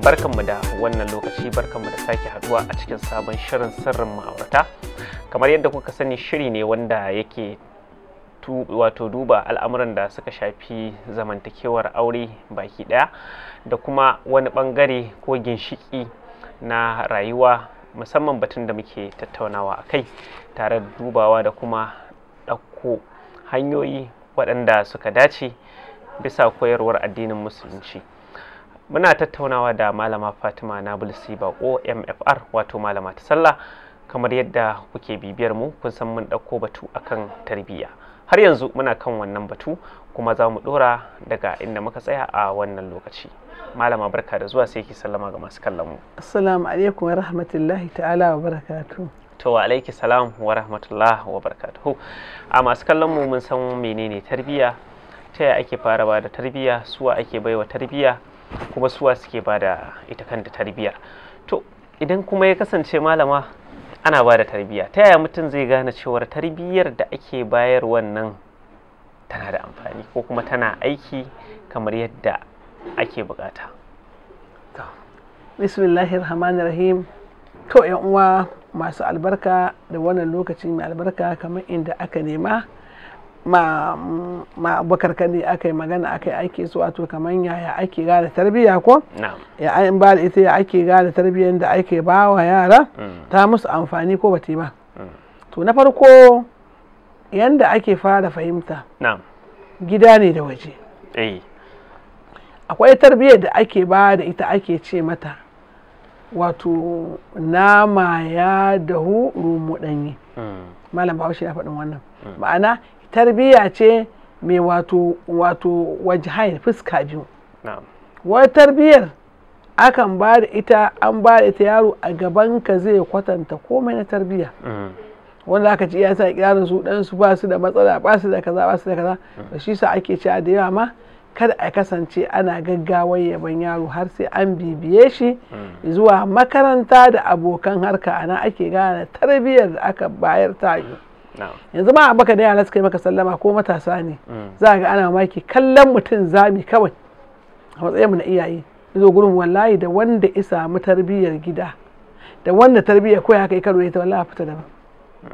barkanmu da wannan lokaci barkanmu da sake haduwa a cikin sabon shirin sirrin ma'aurata kamar yadda kuka sani shiri ne wanda yake wato duba al'amuran da suka shafi zamantakewar aure baki daya da kuma wani bangare ko ginshiki na rayuwa musamman batun da muke tattaunawa a kai tare da dubawa da kuma ɗauko hanyoyi waɗanda suka dace bisa koyarwar addinin musulunci muna tattaunawa da malama fatima na bulsi mfr wato malama ta sallah kamar yadda kuke bibiyar mu kun san mun ɗauko batu akan tarbiyya har yanzu muna kan wannan batu kuma za mu ɗora daga inda muka tsaya a wannan lokaci malama barka da zuwa sai ki sallama ga masu kallon mu assalamu alaikum wa rahmatullahi ta'ala wa barakatu to wa alaiki salam wa rahmatullah wa barakatuhu a masu kallon mu mun san menene tarbiyya ta yaya ake fara ba da tarbiyya suwa ake baiwa tarbiyya kuma suwa suke ba da ita kanta tarbiyyar to idan kuma ya kasance malama ana ba da tarbiyya ta yaya mutum zai gane cewar tarbiyyar da ake bayar wannan tana da amfani ko kuma tana aiki kamar yadda ake bukata bismillahirrahmanirrahim to yan uwa masu albarka da wannan lokaci mai albarka kamar inda aka nema ma abubakar kadi aka yi magana aka yi aiki su wato kamar yaya ake gane tarbiyya ko ya ba da ita ya ake gane tarbiyyar da ake ba wa yara mm. ta musu amfani ko bata yi ba mm. to na farko yanda ake fara fahimta gida ne da waje eh. akwai tarbiyyar da ake ba da ita ake ce mata wato nama ya dahu rumu ɗanyi mm. malam bahaushe ya faɗin wannan ma'ana tarbiyya ce mai wato wato wajhain fuska biyu wai tarbiyyar akan ba da ita an ba da ita yaro a gaban ka zai kwatanta komai na tarbiyya mm. wanda aka ci iya sa su dan su ba su da matsala ba su da kaza ba su da kaza da shi sa ake cewa da yawa ma kada a kasance ana gaggawar yaban yaro har sai an bibiye shi mm. zuwa makaranta da abokan harka ana ake gane tarbiyyar da aka bayar ta yanzu ma baka da yara suka yi maka sallama ko matasa ne mm. za a ga ana maki kallon mutum zami kawai a mu na iyaye zo gurin wallahi da wanda isa mu tarbiyyar gida da wanda tarbiyyar koya kai karo ita wallahi fita daban mm.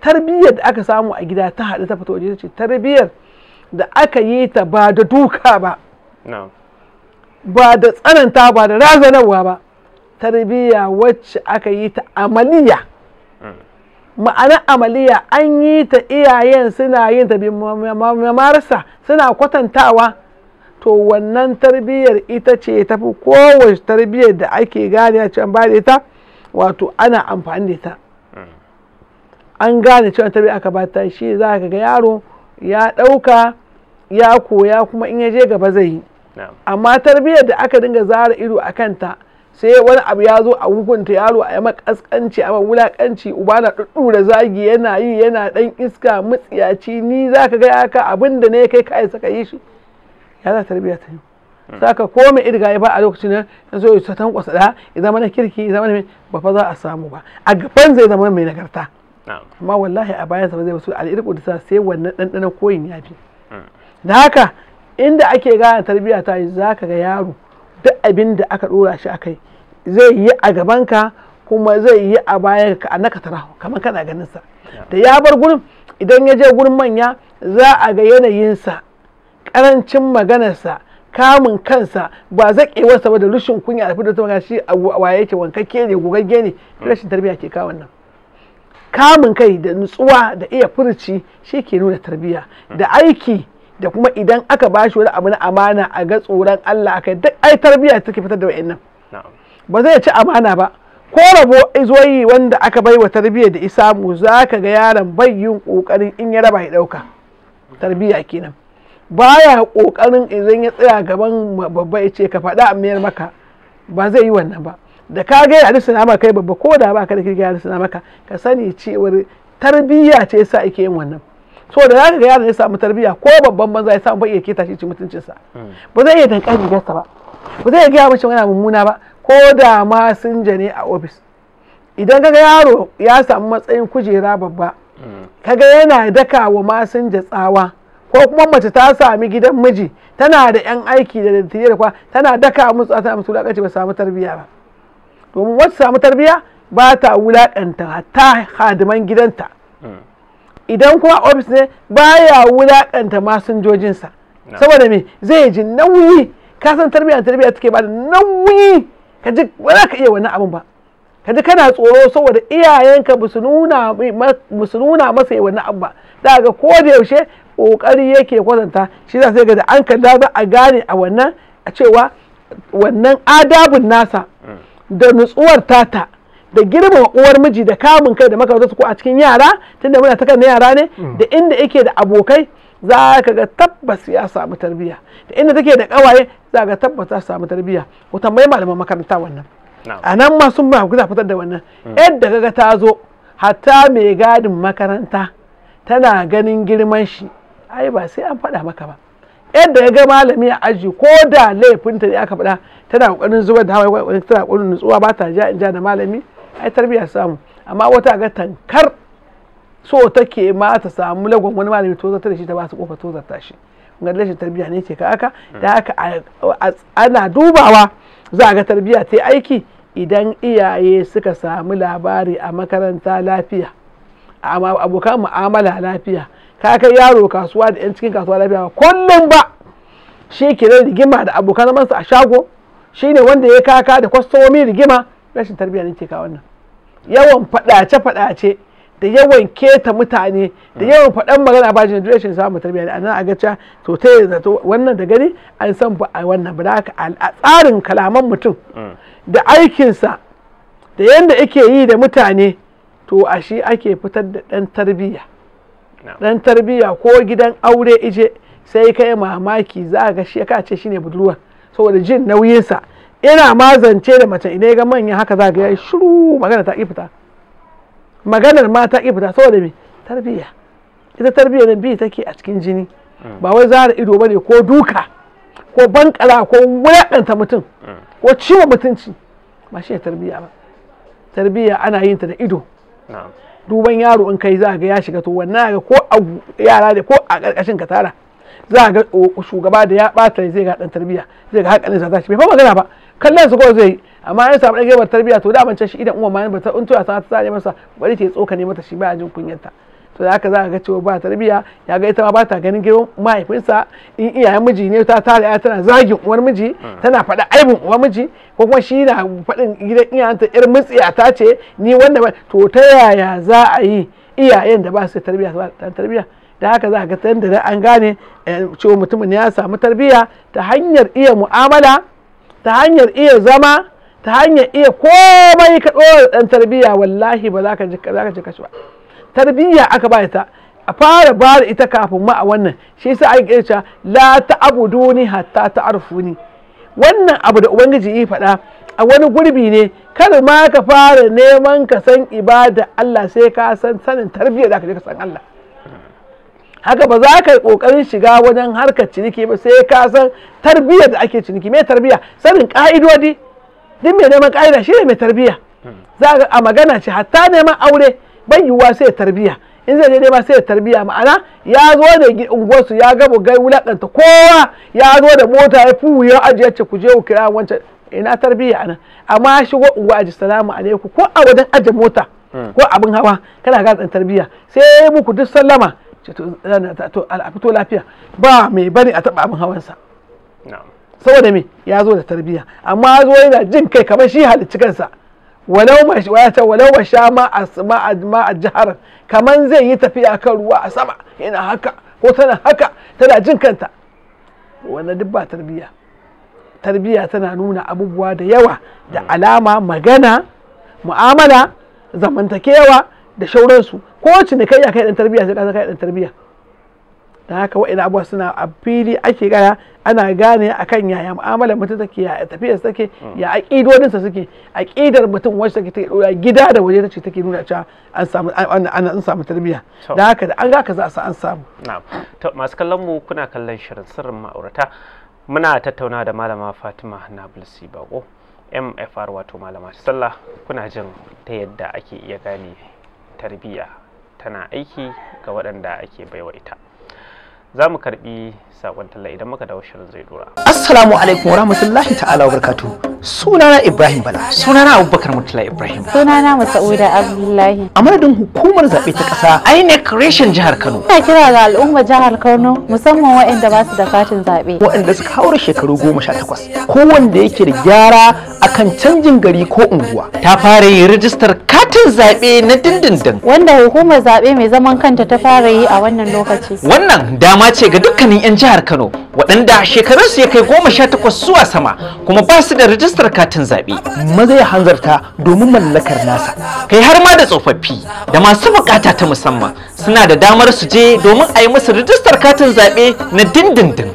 tarbiyyar da aka samu a gida ta haɗu ta fito waje ce tarbiyyar da aka yi ta ba da duka ba ba da tsananta ba da razanarwa ba tarbiyya wacce aka yi ta amaliya ma'ana amaliya an yi ta iyayen suna yin ta bi marasa suna kwatantawa to wannan tarbiyyar ita ce ta fi kowace tarbiyyar da ake gane can ba da ita wato ana amfani da ita hmm. an gane cewa tarbiyyar aka ta shi za ka ga yaro ya ɗauka ya koya kuma in ya je gaba zai yi amma tarbiyyar da aka dinga zara ido a kanta sai wani abu ya zo a hukunta yaro a yama kaskanci a wulakanci uba na da zagi yana yi yana ɗan iska mutsiyaci ni za ka gaya ka abin da ne kai kai saka yi shi ya za tarbiya ta yi hmm. saka ka mai irga ya ba a lokacin nan ya zo ya tan kwasa da ya zama na kirki ya zama na ba fa za a samu ba a gaban zai zama mai nagarta amma wallahi a bayan ba zai wasu al'irku da sai wannan ɗanɗanon koyin ya fi hmm. da haka inda ake gane tarbiya ta yi za ka ga yaro duk abin da aka ɗora shi a kai zai yi a gabanka kuma zai yi a bayan ka naka tara kamar kana ganin sa da ya bar gurin idan ya je gurin manya za a ga yanayin sa karancin sa kamun kansa ba zaƙewarsa ba da rushin kunya da fitar magana shi a waye yake wankakke ne gogagge ne rashin tarbiya ke kawo nan kamun kai da nutsuwa da iya furci shi ke nuna tarbiyya da aiki da kuma idan aka bashi wani abu na amana a ga tsoron Allah akai duk ai tarbiyya take fitar da wa'annan ba zai ci amana ba ko rabo izoyi wanda aka bai wa tarbiyya da isamu za ka ga yaron bai yin kokarin in ya raba ya dauka tarbiyya kenan baya kokarin idan ya tsaya gaban babba ya ce ka faɗa a mayar maka ba zai yi wannan ba da ka ga a risina maka kai babba ko da ba ka da kirki a risina maka ka sani cewar tarbiyya ce sa ake yin wannan so da zaka ga yaron ya samu tarbiyya ko babban banza ya samu bai iya keta shi mutuncinsa hmm. ba zai iya dankan rigarsa ba ba zai gaya mace wani mummuna ba ko da ma ne a ofis idan kaga yaro ya samu matsayin kujera babba mm. kaga yana daka wa masinja tsawa ko kuma mace ta sami gidan miji tana da yan aiki da dattijai da kwa tana daka musu a musu wulakanci ba samu tarbiyya ba domin wacce samu tarbiyya ba ta wulakanta hatta hadiman gidanta mm. idan kuma ofis ne baya wulakanta masinjojinsa saboda me zai ji nauyi ka san tarbiyya tarbiyya take ba da nauyi ka ji ba za ka iya wani abin ba ka ji kana tsoro saboda iyayenka ba su nuna masa yi wani abu ba da ga ko da yaushe kokari yake kwatanta shi za sai ga da an kalla za a gane a wannan a cewa wannan adabun nasa da nutsuwar tata da girma uwar miji da kamun kai da makamantarsu ko a cikin yara tunda muna ta kan yara ne mm. da inda yake da abokai za ka ga tabbas ya samu tarbiyya da inda take da kawaye za ga tabbata su samu tarbiyya ko tambayi malaman makaranta wannan a nan ma sun ba ku fitar da wannan mm. yadda kaga ta zo hatta mai gadin makaranta tana ganin girman shi ai ba sai an faɗa maka ba yadda ya ga malami a aji ko da laifinta ne aka faɗa tana kokarin zubar da hawaye tana kokarin nutsuwa ba ta ja in ja da malami ai tarbiyya samu amma wata ga tankar so take ma ta samu lagon wani malami tozarta da shi ta ba su kofa tozarta shi ga rashin tarbiyya ne ke ka haka da haka ana dubawa za a ga tarbiyya ta aiki idan iyaye suka samu labari a makaranta lafiya A abokan mu'amala lafiya ka kai yaro kasuwa da yan cikin kasuwa lafiya kullum ba shi ke rigima da abokan zamansa a shago shi ne wanda ya kaka da kwastomomi rigima rashin tarbiyya ne ke ka wannan yawan faɗace-faɗace da yawan keta mutane da mm. yawan faɗan magana ba za mu tarbiyya da a gaca to ta yi zato wannan da gani an san ba a wannan ba da haka a tsarin kalaman mutum mm. da aikinsa da yadda yake yi da mutane to a shi ake fitar da ɗan tarbiyya ɗan tarbiyya ko gidan aure ije sai kai mamaki za ga shi ka ce shine budurwa saboda jin nauyinsa ina zance da mace idan ga manya haka za ga ya shiru magana ta fita maganar mata iya fita saboda me tarbiyya ita tarbiyya nan bi take a cikin jini mm. ba wai zara ido bane ko duka ko bankala ko wulakanta mutum mm. ko ciwo mutunci ba shi tarbiyya ba tarbiyya ana yin ta da ido duban yaro in kai za ga ya shiga to wannan ga ko a yara da ko a karkashin ka tara za ga shugaba da ya bata zai ga dan tarbiyya zai ga hakalin sa tashi bai fa magana ba kallon su ko zai amma ya samu ɗage bar tarbiyya to da ban shi idan uwa ma bata In unto ya sana ta zane masa bari ta tsoka ne mata shi ba jin kunyarta to da haka za ka ga cewa ba tarbiyya ya ga ita ma ba ta ganin girman mahaifinsa in iyayen miji ne ta tare ya tana zagin uwar miji hmm. tana faɗa aibin uwar miji ko kuma shi na faɗin gidan iyayenta yar mutsiya ta ce ni wanda ba to ta yaya za a yi iyayen da ba su tarbiyya ba tarbiyya da haka za ka ga da an gane eh, cewa mutumin ya samu tarbiyya ta hanyar iya mu'amala ta hanyar iya zama ta hanyar iya komai ka ɗora ɗan tarbiyya wallahi ba za ka ji kashi ba tarbiyya aka ba ta a fara ba da ita kafin ma a wannan shi sa ake kirce la duni hatta ne wannan abu da ubangiji yi faɗa a wani gurbi ne kada ma ka fara neman ka san ibada Allah sai ka san sanin tarbiyya da ka je ka san Allah haka ba za ka yi kokarin shiga wajen harkar ciniki ba sai ka san tarbiyya da ake ciniki me tarbiyya sanin ka'idodi duk mai neman ƙa'ida shi ne mai tarbiyya za a magana ce hatta neman aure ban yiwuwa sai tarbiyya in zai je ma sai tarbiyya ma'ana ya zo da unguwarsu ya ga bugai wulakanta kowa ya zo da mota ya fi ya ce ku je ku kira wancan ina tarbiyya nan amma ya shigo unguwa aji salamu alaikum ko a wajen aje mota ko abin hawa kana ga tsan tarbiyya sai muku duk sallama to a fito lafiya ba mai bani a taba abin hawansa saboda me ya zo da tarbiyya amma ya zo yana jin kai kamar shi halicci kansa walau ma sha ma a jihar kamar zai yi tafiya kan ruwa a sama yana haka ko tana haka tana jin kanta wannan duk ba tarbiyya tarbiyya tana nuna abubuwa da yawa da alama magana mu'amala zamantakewa da shauransu ko cinikayya kai dan tarbiyya sai ka kai dan tarbiyya da haka wa'ina abuwa suna a fili ake gaya ana gane a kan yaya mu'amalar mutum take ya tafiya take mm. ya aƙidodinsa suke aƙidar mutum wacce take take ɗora gida da waje ta ce take nuna cewa an samu an samu tarbiyya da haka da an ga za a an samu masu kallon mu kuna kallon shirin sirrin ma'aurata muna tattauna da malama Fatima Nablusi Bako MFR wato malama sallah kuna jin ta yadda ake iya gane tarbiyya tana aiki ga waɗanda ake baiwa ita za mu karbi sakon talla idan muka dawo shirin zai dora assalamu alaikum warahmatullahi ta'ala wabarakatuh sunana ibrahim bala sunana abubakar mutula ibrahim sunana masauda abdullahi a madadin hukumar zaɓe ta ƙasa inec reshen jihar kano ina kira ga al'ummar jihar kano musamman waɗanda ba su da katin zaɓe waɗanda suka haura shekaru goma sha takwas ko wanda yake da gyara akan canjin gari ko unguwa ta fara yin rijistar katin zaɓe na dindindin wanda hukumar zaɓe mai zaman kanta ta fara yi a wannan lokaci wannan dama alama ce ga dukkanin 'yan jihar Kano waɗanda shekarunsu ya kai goma sha takwas zuwa sama kuma ba su da rajistar katin zaɓe. Maza ya hanzarta domin mallakar nasa. Kai har ma da tsofaffi da masu bukata ta musamman suna da damar su je domin a yi musu rajistar katin zaɓe na dindindin.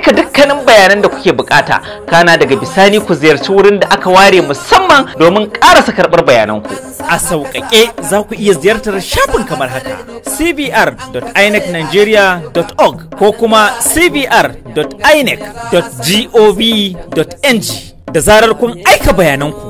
aika dukkanin bayanan da kuke bukata kana daga bisani ku ziyarci wurin da aka ware musamman domin karasa karbar bayananku a sauƙaƙe za ku iya ziyartar shafin kamar haka cbr.inecnigeria.org ko kuma cbr.inec.gov.ng da zarar kun aika bayananku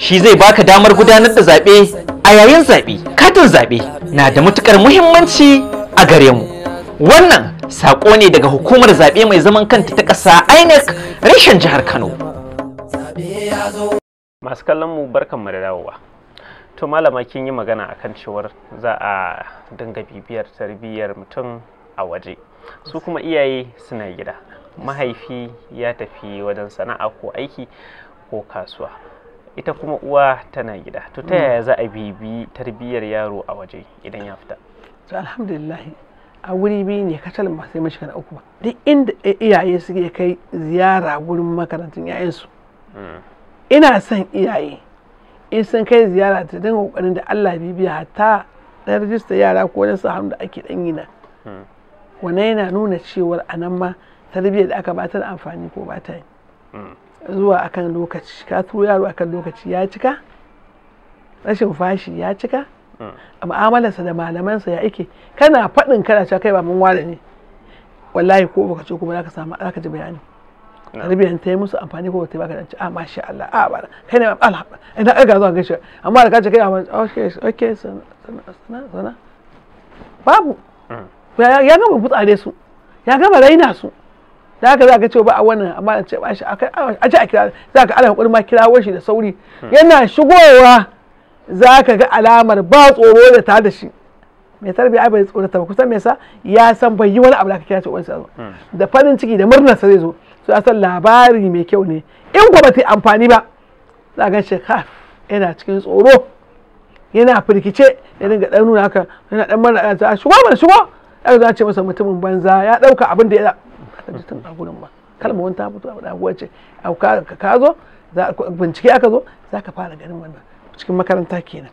shi zai baka damar gudanar da zaɓe a yayin zaɓe katin zaɓe na da matukar muhimmanci a gare mu wannan saƙo ne daga hukumar zaɓe mai zaman kanta ta ƙasa inec reshen jihar kano masu kallon mu barkanmu da dawowa to malama kin yi magana a kan cewar za a dinga bibiyar tarbiyyar mutum a waje su kuma iyaye suna gida mahaifi ya tafi wajen sana'a ko aiki ko kasuwa ita kuma uwa tana gida to ta yaya za a bibi tarbiyyar yaro a waje idan ya fita to alhamdulillah a wuri biyu ne kacal ba sai mashi kana uku ba duk inda iyaye suke kai ziyara wurin makarantun yayansu hmm. ina son iyaye in sun kai ziyara ta dan kokarin da Allah bibiya hatta na rajista yara ko na saham da ake dan yi hmm. wannan yana nuna cewar anan ma tarbiyyar da aka ba ta da amfani ko ba ta yi hmm. zuwa akan lokaci ka turo yaro akan lokaci ya cika rashin fashi ya cika hmm. a mu'amalarsa da malamansa ya ike kana faɗin kana cewa kai ba mun ware ne wallahi ko baka ce kuma zaka samu zaka ji bayani hmm. tarbiyyar ta yi musu amfani ko ta baka dace a ah, masha Allah a ah, bara kai ne alhamdulillah ah, idan aka zuwa gaishe amma da kace kai a okay okay sana sana babu hmm. ya gama butsare su ya gama raina su da haka za ka ce ba a wannan amma a ce ba shi a ce a kira za ka ana hakuri ma kirawo shi da sauri yana shigowa za ka ga alamar ba tsoro da ta da shi mai tarbiya ai bai tsorata ba kusan me yasa ya san bai yi wani abu da ka kira ce wani sa hmm. da farin ciki da murnar sa zai zo su san labari mai kyau ne in ko ba ta yi amfani ba za ka ce ka yana cikin tsoro yana firkice ya dinga dan nuna haka yana dan a shigo mana shigo aka za ce masa mutumin banza ya dauka abin da ya ka ji gurin ba kalma wani ta fito a daguwar ce ka zo bincike aka zo za ka fara ganin wannan cikin makaranta kenan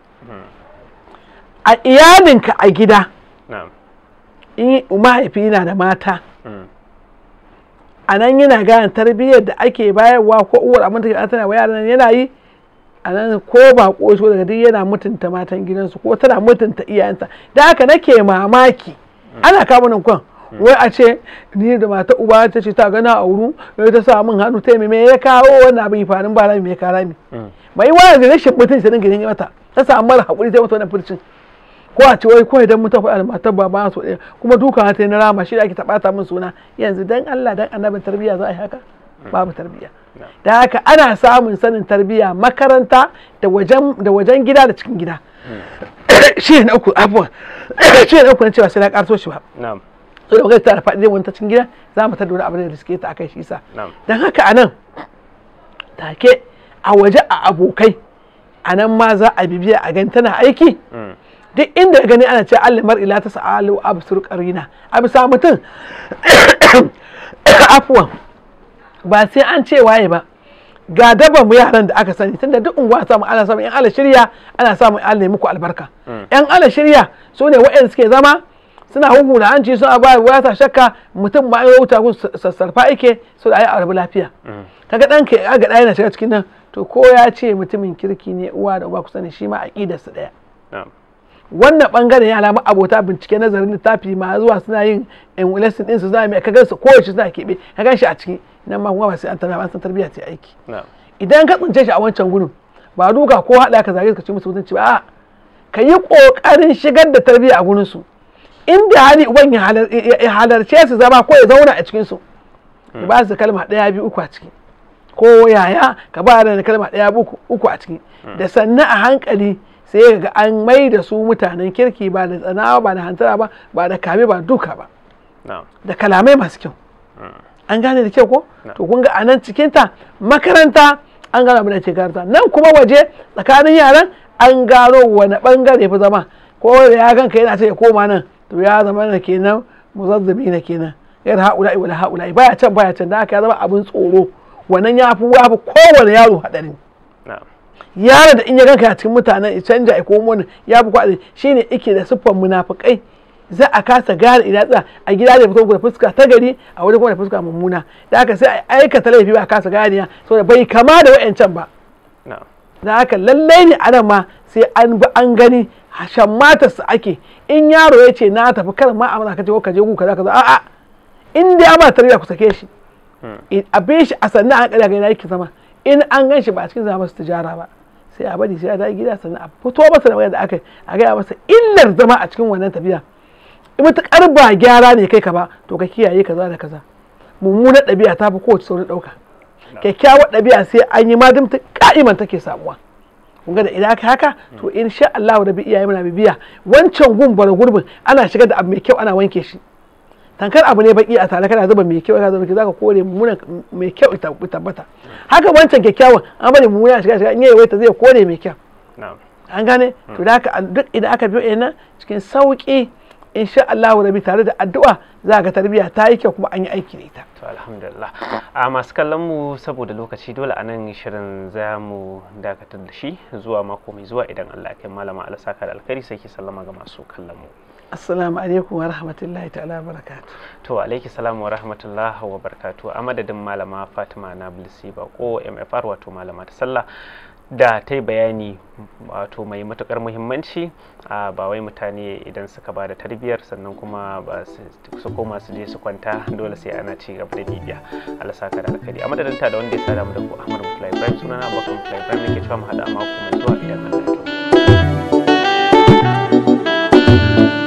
a iyalinka a gida in mahaifi yana da mata mm. a nan yana gane tarbiyyar da ake bayarwa ko uwar abin da tana wa yaran yana yi a nan ko ba shi daga duk yana mutunta matan gidansu ko tana mutunta iyayenta da haka nake mamaki mm. ana kawo nan kwan wai a ce ni da mata uba ta ce ta gana a wuru wai ta sa min hannu ta mai ya kawo wannan abin ifanin ba rami me ka rami mm. bai wani da rashin mutum ta dinga yin mata ta samu mara hakuri ta mata wannan furcin ko a ce wai ko idan muta faɗa matar ba so ɗaya kuma duka ta na rama shi da ake ta min suna yanzu dan Allah dan annabin tarbiyya za a yi haka mm. babu tarbiyya da haka ana samun sanin tarbiyya makaranta da wajen gida da cikin gida mm. shi ne na uku abuwa shi ne na uku na cewa sai na ƙarso shi ba so da magana ta faɗi zai wani ta gida za mu tattauna abin da riske ta akai shi isa don haka anan, take a waje a abokai a nan ma za a bibiya a gani tana aiki mm. duk inda gani ana ce Allah mar ila ta sa'alu absur qarina a bisa mutum afuwa ba sai an ce waye ba ga daban mu yaran da aka sani tunda duk unguwa samu ana samu yan ala shirya ana samu an ne muku albarka yan mm. ala shirya su ne waɗanda suke zama suna da hanci suna ba wa ta shakka mutum ba ya wuta ku sassarfa yake so da ayi rabu lafiya kaga dan Ka ga dai na shiga cikin nan to ko ya ce mutumin kirki ne uwa da uba ku sani shi ma aqidar su daya wannan bangare ya alama abota bincike nazarin littafi ma zuwa suna yin in lesson din su suna mai kaga su ko shi suna kebe kaga shi a ciki nan ma kuma ba sai an tarbiya an san tarbiya ce aiki idan ka tsince shi a wancan gurin ba duka ko hada ka zage ka ce musu mutunci ba a'a ka yi ƙoƙarin shigar da tarbiyya a su inda hali uban ya halarce su zama ko ya zauna a cikinsu ya ba su kalma ɗaya biyu uku a ciki ko yaya ka ba da kalma ɗaya uku a ciki hmm. da sannan a hankali sai ga an mai da su mutanen kirki ba da tsanawa ba da hantara ba ba da kame ba duka ba da kalamai masu kyau hmm. an gane da kyau ko to kun ga anan cikinta makaranta an gano abin da ke karanta nan kuma waje tsakanin yaran an gano wani bangare fi zama ko ya ganka yana ce ya koma nan to ya zama na kenan muzazzabi na kenan yar haula'i wala haula'i baya can baya can da aka ya zama abin tsoro wannan ya fi wafi kowane yaro haɗari. yaro da in ya ganka a cikin mutanen ya canja ya komo wani ya fi kwaɗi shine ike da siffar munafukai za a kasa gane ina tsa a gida da fito da fuska ta gari a wani kuma da fuska mummuna da haka sai a aikata laifi ba a kasa ganiya saboda bai kama da wa'ancan ba da haka lallai ne anan ma sai an bi an gani shammatar su ake in yaro ya ce na tafi kar ma amana ka ce ka je ku kaza kaza a'a in dai ba tarbiya ku sake shi hmm. abin shi a sannan an kada ga yake zama in an gan shi ba a cikin zama su tijara ba sai a bari sai a dawo gida sannan a fito masa da magana da aka a gaya masa illar zama a cikin wannan tafiya in matuƙar ba gyara ne kai ka ba to ka kiyaye kaza da kaza mummunar ɗabi'a ta fi kowace saurin ɗauka kyakkyawar ɗabi'a sai an yi ma ta ka'iman take samuwa kun ga da idan aka haka to insha Allah da bi iyaye muna bibiya wancan gun gurbin ana shigar da abu mai kyau ana wanke shi tankar abu ne baki a tare kana zuba mai kyau kana zuba ki zaka kore muna mai kyau ita tabbata haka wancan kyakkyawan an bari muna shiga shiga in yayi waita zai kore mai kyau an gane hmm. to da haka duk idan aka biyo ina cikin sauki insha Allahu rabi tare da addu'a za ga tarbiyya ta yi kyau kuma an yi aiki da ita to alhamdulillah a masu kallon mu saboda lokaci dole a nan shirin za mu dakatar da shi zuwa mako mai zuwa idan Allah ya malama alasaka da alkhairi sai ki sallama ga masu kallon mu Assalamu alaikum wa rahmatullahi ta'ala wa barakatu. To alaiki salamu wa rahmatullahi wa barakatu a madadin malama Fatima na Nabilisi Bako MFR wato malama ta sallah da ta yi bayani wato mai matukar muhimmanci a ba wai mutane idan suka ba da tarbiyyar sannan kuma ba su koma su je su kwanta dole sai ana ci gaba da bibiya alasaka da alkari a madadinta ta da wanda ya sada mu da ku ahmad mutulai suna sunana abokan mutulai bayan nake cewa mu a mako mai zuwa idan allah ya